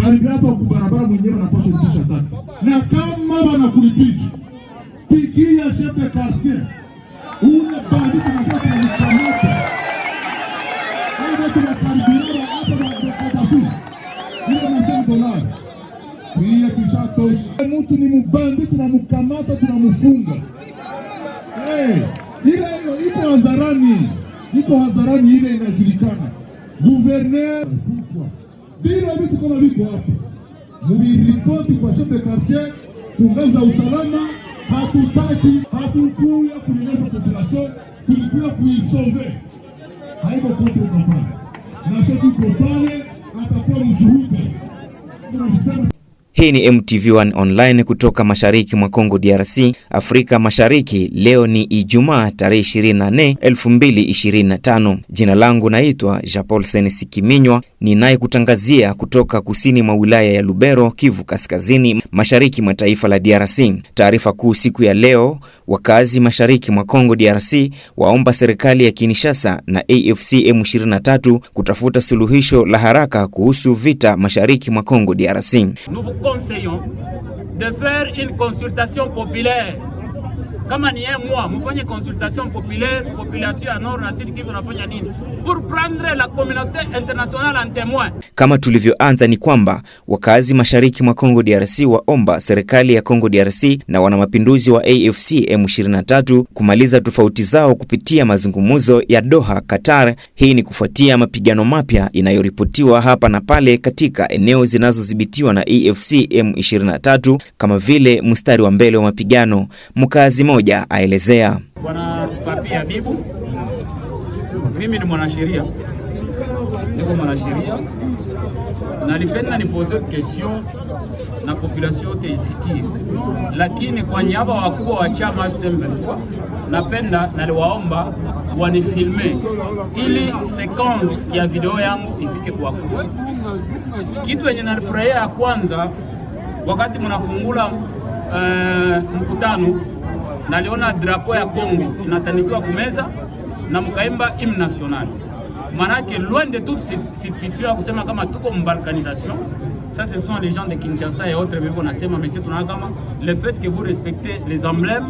karibu hapa kubarabara mwenyewe anapaswa kulipisha taksi, na kama wanakulipisha pigia chef de quartier ule bandi tunataka kumkamata hapo, tunakaribiana hapo ile masema dolari hiyo kishatosha. Mtu ni mbandi, tunamkamata tunamfunga. Eh, ile hiyo ipo hadharani, iko hadharani, ile inajulikana. Gouverneur bila vitu kama viko hapa, muliripoti kwa chef de quartier usalama. Hatutaki, hatukuya kunyanyasa population, tulikuya kuisove. Haiko kote ukapana na sheki kopale atakuwa mshuhuda. Hii ni MTV1 Online kutoka mashariki mwa congo DRC, Afrika Mashariki. Leo ni Ijumaa tarehe 24, 2025. Jina langu naitwa Japolsen kiminywa ninayekutangazia kutoka kusini mwa wilaya ya Lubero, Kivu Kaskazini, mashariki mwa taifa la DRC. Taarifa kuu siku ya leo: wakazi mashariki mwa congo DRC waomba serikali ya Kinshasa na AFC M23 kutafuta suluhisho la haraka kuhusu vita mashariki mwa congo DRC. de faire une consultation populaire kama ni yeye mwa mfanye consultation populaire population ya Nord na Sud Kivu unafanya nini pour prendre la communauté internationale en témoin. Kama tulivyoanza ni kwamba wakazi mashariki mwa Congo DRC waomba serikali ya Congo DRC na wanamapinduzi wa AFC M23 kumaliza tofauti zao kupitia mazungumzo ya Doha, Qatar. Hii ni kufuatia mapigano mapya inayoripotiwa hapa na pale katika eneo zinazodhibitiwa na AFC M23 kama vile mstari wa mbele wa mapigano mkazi moja Lugoja aelezea. Bwana Papia Bibu, mimi ni mwanasheria, niko mwanasheria na nipenda nipose question na population yote isikie, lakini kwa niaba wakubwa wa chama M23 napenda naliwaomba wanifilme ili sequence ya video yangu ifike kwa kubwa. Kitu yenye nalifurahia ya kwanza wakati mnafungula uh, mkutano naliona drapo ya Kongo inatanikiwa kumeza na mkaimba hymne national, manake loin de toute suspicion ya kusema kama tuko mbalkanisation. Ça ce sont les gens de Kinshasa et autres nasema mais c'est kama le fait que vous respectez les emblèmes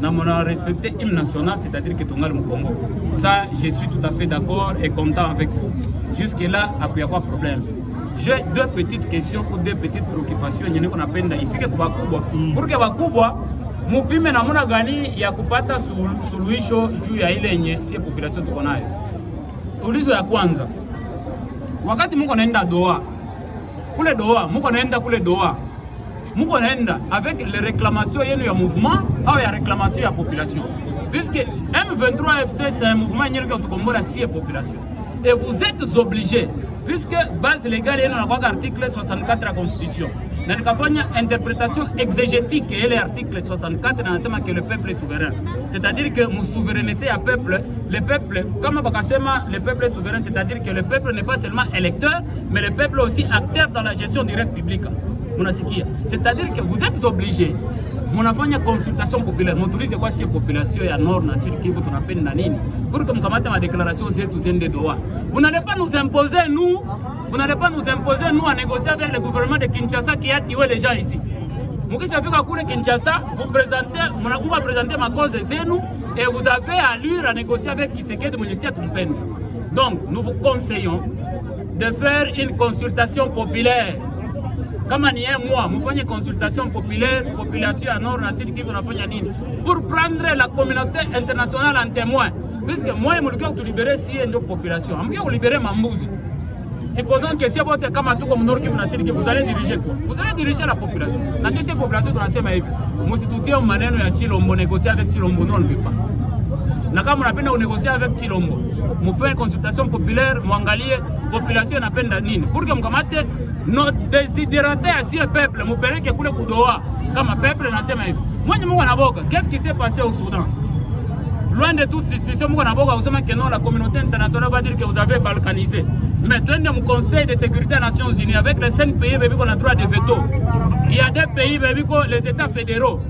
na mona respecter hymne national c'est-à-dire que tungali Congo. Ça je suis tout à fait d'accord et content avec vous. Jusque là a de problème j'ai deux petites questions ou deux petites préoccupations yenye napenda ifike kwa kubwa mm. que kubwa mupime namuna gani ya kupata suluhisho juu ya ile yenye si population tuko nayo. Ulizo ya kwanza, wakati muko naenda doa kule doa, muko naenda kule doa, muko naenda avec les réclamations yenu ya mouvement au ya réclamation ya population, puisque M23 FC c'est un mouvement yenye C'est sie population et vous êtes obligés, puisque base légale est dans l'article 64 de la Constitution. Dans le interprétation exégétique et l'article 64 dans que le peuple est souverain. C'est-à-dire que mon souveraineté à peuple, le peuple, comme le peuple est souverain, c'est-à-dire que le peuple n'est pas seulement électeur, mais le peuple est aussi acteur dans la gestion du reste public. C'est-à-dire que vous êtes obligés munafanya consultation populaire, mutulize kwa sie population ya Nord na Sud Kivu tunapenda nini, pour que mkamate ma déclaration zetu zende droit. Vous n'allez pas nous imposer nous, vous n'allez pas nous imposer nous à négocier avec le gouvernement de Kinshasa qui a les gens ici. Mukishafika kule Kinshasa, vous présentez, munakuwa présenter ma cause zenu et vous avez à à négocier avec ministère de monsieur tumpenda. Donc nous vous conseillons de faire une consultation populaire moi, ni mwa une consultation populaire population à nord na nini pour prendre la communauté internationale en témoin, puisque moi mlikuwa kutulibere sie ndio population amkia kulibere mambuzi Supposons que si vous être comme comme Kivu na que vous allez diriger quoi? Vous allez diriger la population. La deuxième population tout en Msitutie maneno ya Chilombo, négocier avec Chilombo le veut pas. Na besoin à négocier avec Chilombo, une consultation populaire, mwangalie population inapenda nini, que mkamate no desiderate asiye peuple, mupeleke kule kudoa kama peuple. Nasema hivi mwenye Mungu anaboka, qu'est-ce qui s'est passé au Soudan? Loin de toute suspicion, Mungu anaboka kusema que non, la communauté internationale va dire que vous avez balkanisé. Mais twende mu conseil de sécurité des Nations Unies avec les 5 pays ont na droit de veto. Il y a des pays bebiko les états fédéraux.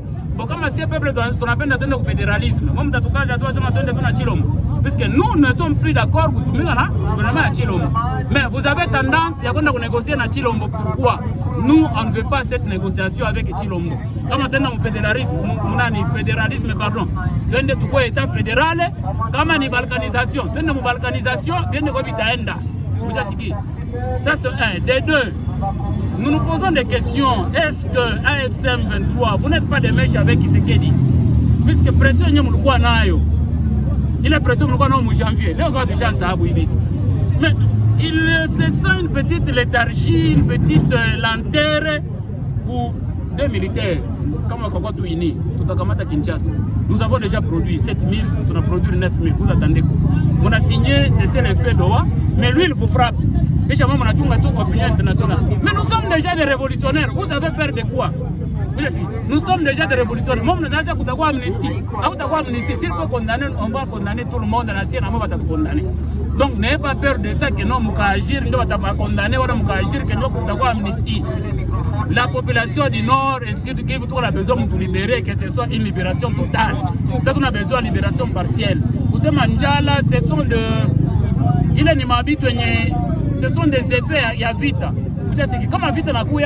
Kama sie peuple tunapenda twende ku federalisme, mtatukaza tu asema twende tuna Chilombo que nous ne sommes plus d'accord kutumika na vraiment, à Chilombo. Mais vous avez tendance à négocier kunégocier na Chilombo. Pourquoi? Nous, on ne veut pas cette négociation avec Chilombo. que nous avons un fédéralisme, pardon. est-ce état nous avons une balkanisation, avons une balkanisation, Vous savez ce qui? Ça c'est un. Des deux, nous nous posons des questions. Est-ce que AFSM 23 vous n'êtes pas des mèche avec Isekedi Puisque pression nous mulikuwa nayo il est pressé, Ile pression mlikuwa nao janvier, leo kwa tusha sababu oui. Mais il se sent une petite léthargie, une petite euh, lenteur pour des militaires kama kwa kwa tuini tutakamata Kinshasa. Nous avons déjà produit 7000, on a produit 9000. Vous attendez quoi? On a signé cessez les feux d'Oa, mais lui il vous frappe. Et jamais on a tout opinion internationale. Mais nous sommes déjà des révolutionnaires. Vous avez peur de quoi? Nous sommes déjà des révolutionnaires. nous avons kutakuwa amnistie. Hakutakuwa amnistie. S'il faut condamner, on va condamner tout le monde dans la sienne, on va condamner. Donc n'ayez pas peur de ça que nous nous condamner, nous Nous nous agir que nous nous avoir amnistie. La population du Nord que ce trouvez tout a besoin de libérer que ce soit une libération totale. Ça qu'on a besoin de libération partielle. Pour ce sont de ni ce sont des effets ya vita. vite vita couille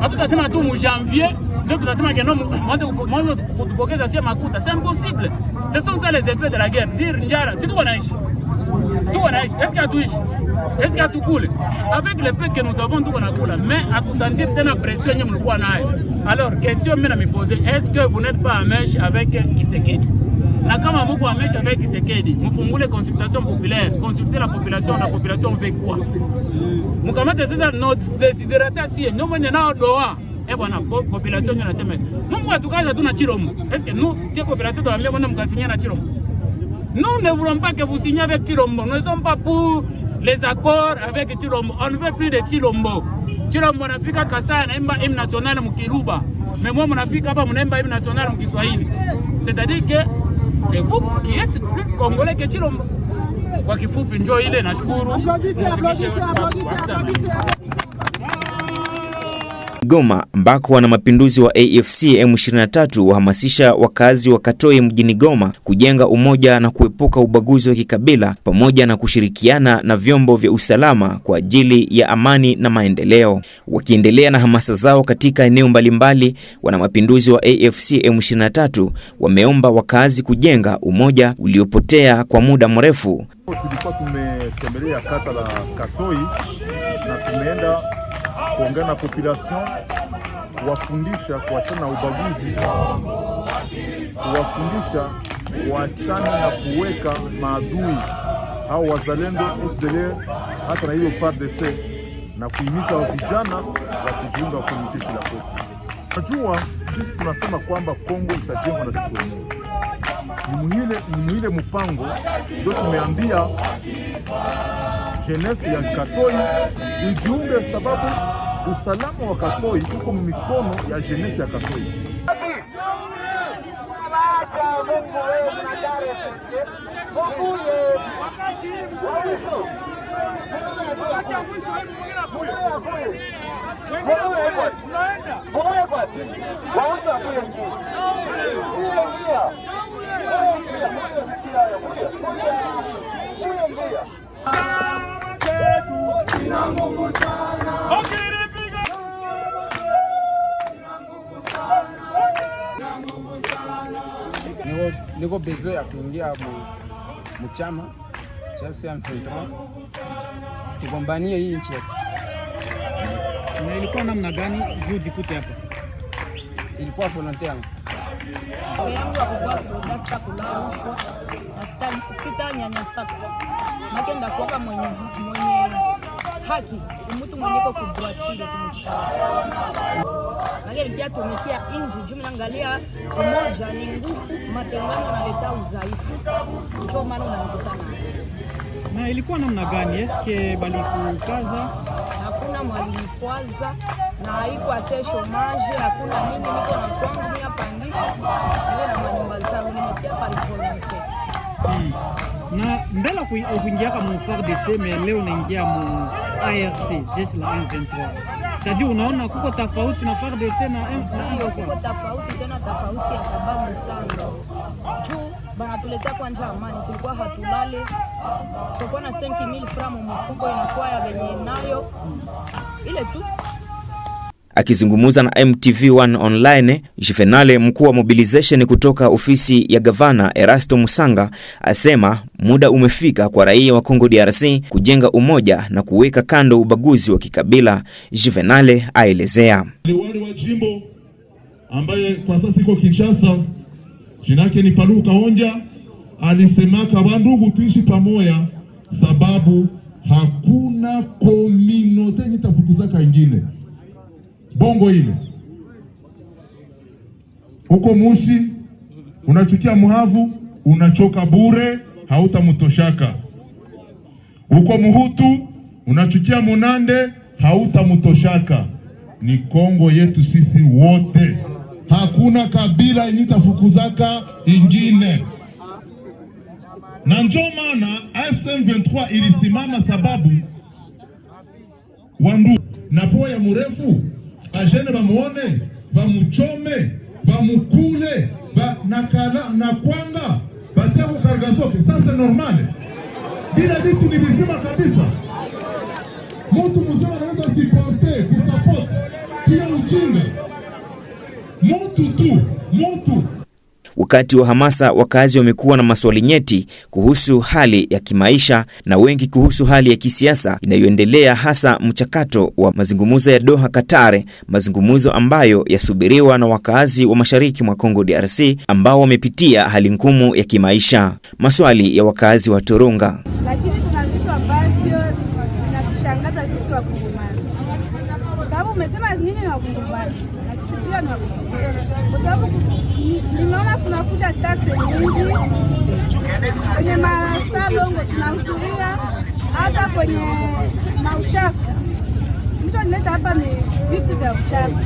hatutasema tu mujanvier ndio tunasema que non, mwanzo kutupokeza sie makuta, c'est impossible. Ce sont ça les effets de la guerre. Dire njara, si tuko naishi tuko naishi, est-ce que hatuishi, est-ce que hatukule avec le peu que nous avons, tuko nakula, mais hatusentir tena pression yenye mlikuwa nayo. Alors question à na mipose, est-ce que vous n'êtes pas en mèche avec Tshisekedi? na kama muko amesha avec kisekedi mufungule consultation populaire consulter la population na population veut quoi mukamate sasa not desiderata sie ndio mwenye nao doa eh bwana population ndio nasema mungu atukaza tuna chiromo est-ce que population tunaambia bwana mkasinya na chiromo nous ne voulons pas que vous signiez avec Chirombo. Nous sommes pas pour les accords avec Chirombo. On veut plus de Chirombo. Chirombo anafika Kasai anaimba hymne nationale mkiluba. Mais mnafika hapa mnaimba hymne nationale mkiswahili. C'est-à-dire que c'est vous qui êtes plus congolais que Chilombo. Kwa kifupi, njoo ile. Nashukuru. Goma ambako wana mapinduzi wa AFC M23 wahamasisha wakazi wa Katoi mjini Goma kujenga umoja na kuepuka ubaguzi wa kikabila pamoja na kushirikiana na vyombo vya usalama kwa ajili ya amani na maendeleo. Wakiendelea na hamasa zao katika eneo mbalimbali, wana mapinduzi wa AFC M23 wameomba wakazi kujenga umoja uliopotea kwa muda mrefu. Tulikuwa tumetembelea kata la Katoi na tumeenda kuongea na population, kuwafundisha kuachana na ubaguzi, kuwafundisha kuachana na kuweka maadui au wazalendo FDLR hata na hiyo FARDC na kuhimiza vijana wa kujiunga kwenye jeshi la kwetu. Najua sisi tunasema kwamba Kongo itajengwa na sisi wenyewe, ni muhile mpango ndio tumeambia jenesi ya Katoi ijiunge sababu usalama wa Katoi uko mikono ya jenesi ya Katoi. niko bezo ya kuingia mchama chama tugombanie hii nchi yetu. Na ilikuwa namna gani juu jikute hapa? Ilikuwa volunteer yangu akuvasodasitakunarushwa mwenye haki umutu mwenyeko kubwatile Magari nikiyatumikia inji juu naangalia umoja ni nguvu, matengano naleta udhaifu, njo maana unakutana. Na ilikuwa namna gani? Eske balikukaza? Hakuna mwalimu kwaza na haiko ase shomage, hakuna nini, niko na kwangu mimi napangisha na manyumba zangu nimetia palivolonte hmm. Na mbele kuingia kama FARDC, me leo naingia mu ARC, jeshi la M23 Chaji, unaona kuko tofauti na FARDC na M23, kuko tofauti tena tofauti ya sababu sana juu banatuletea kwanja amani, tulikuwa hatulale, tulikuwa na 5000 francs mfuko inakuwa ya venye nayo ile tu Akizungumza na MTV1 Online, Jifenale mkuu wa mobilization kutoka ofisi ya gavana Erasto Musanga, asema muda umefika kwa raia wa kongo DRC kujenga umoja na kuweka kando ubaguzi wa kikabila. Jifenale aelezea liwali wa jimbo ambaye kwa sasa iko Kinshasa, jina yake ni Paluku kaonja alisemaka wandugu, tuishi pamoja sababu hakuna kominote nitafukuzaka ingine bongo ile huko Mushi, unachukia Muhavu, unachoka bure, hautamtoshaka. Huko Muhutu, unachukia Munande, hautamtoshaka. Ni Kongo yetu sisi wote, hakuna kabila initafukuzaka ingine, na njo maana AFC M23 ilisimama sababu wandu na poya mrefu bajene bamuone bamuchome bamukule ba, nakala nakwanga batia kukarga Sasa normal bila vitu ni vizima kabisa. Mutu mzima anaweza siporte kusapote kila ujinga Wakati wa hamasa, wakazi wamekuwa na maswali nyeti kuhusu hali ya kimaisha na wengi kuhusu hali ya kisiasa inayoendelea, hasa mchakato wa mazungumzo ya Doha, Qatar, mazungumzo ambayo yasubiriwa na wakazi wa mashariki mwa Kongo DRC ambao wamepitia hali ngumu ya kimaisha. Maswali ya wakazi wa turunga Lakini kuna vitu ambavyo vinatushangaza sisi sababu umesema nini na Wakungumbani na sisi pia na Wakungumbani, kwa sababu nimeona kunakuja taksi nyingi kwenye masalongo, tunahudhuria hata kwenye mauchafu. Kilichonileta hapa ni vitu vya uchafu,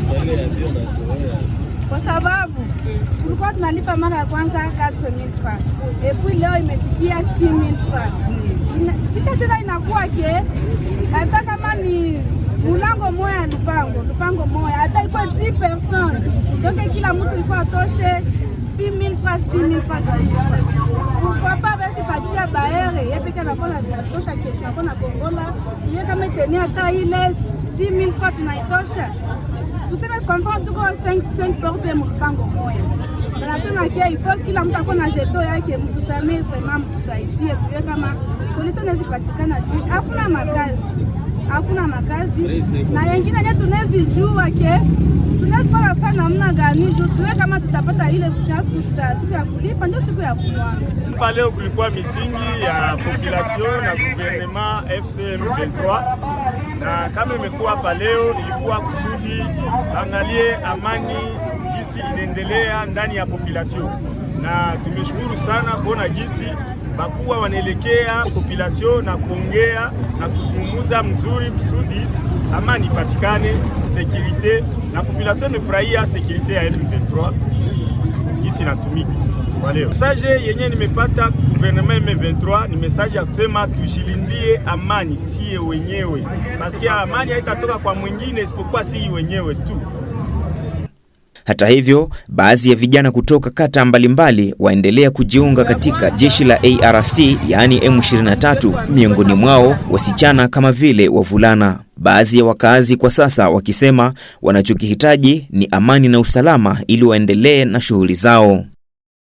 kwa sababu tulikuwa tunalipa mara ya kwanza 4000 francs epui, leo imefikia 6000 francs, kisha tena inakuwa ke hata kama ni mulango moya lupango lupango moya hata iko 10 personnes donc kila mtu ifo atoshe 6000 francs 6000 francs pourquoi pas basi patia baere ye peke natosha nako na kongola tuye kama teni hata ile 6000 francs tunaitosha tuseme konfo tuko 5 porte mpango moya nasemakia ifo kila mtu ako jeto yake, mtusamee vrema, mtusaidie tuye kama solution nazipatikana juu hakuna makazi hakuna makazi na yengine nye tunezi jua ke tunezi kwa fa namna gani juu tuwe kama tutapata ile chafu tuta siku ya kulipa ndio siku ya kumwanga. Hapa leo kulikuwa mitingi ya population na gouvernement FCM 23 na kama imekuwa hapa leo ilikuwa kusudi angalie amani jinsi inaendelea ndani ya population, na tumeshukuru sana kuona jinsi bakuwa wanaelekea population na kuongea na kuzungumuza mzuri kusudi amani ipatikane, sekirite na population imefurahia sekirite ya M23 jinsi inatumika kwa leo. Message yenye nimepata gouvernement M23 ni message ya kusema tujilindie amani siye wenyewe, paske amani haitatoka kwa mwingine isipokuwa sisi wenyewe tu. Hata hivyo, baadhi ya vijana kutoka kata mbalimbali waendelea kujiunga katika jeshi la ARC yaani M23, miongoni mwao wasichana kama vile wavulana. Baadhi ya wakazi kwa sasa wakisema wanachokihitaji ni amani na usalama ili waendelee na shughuli zao.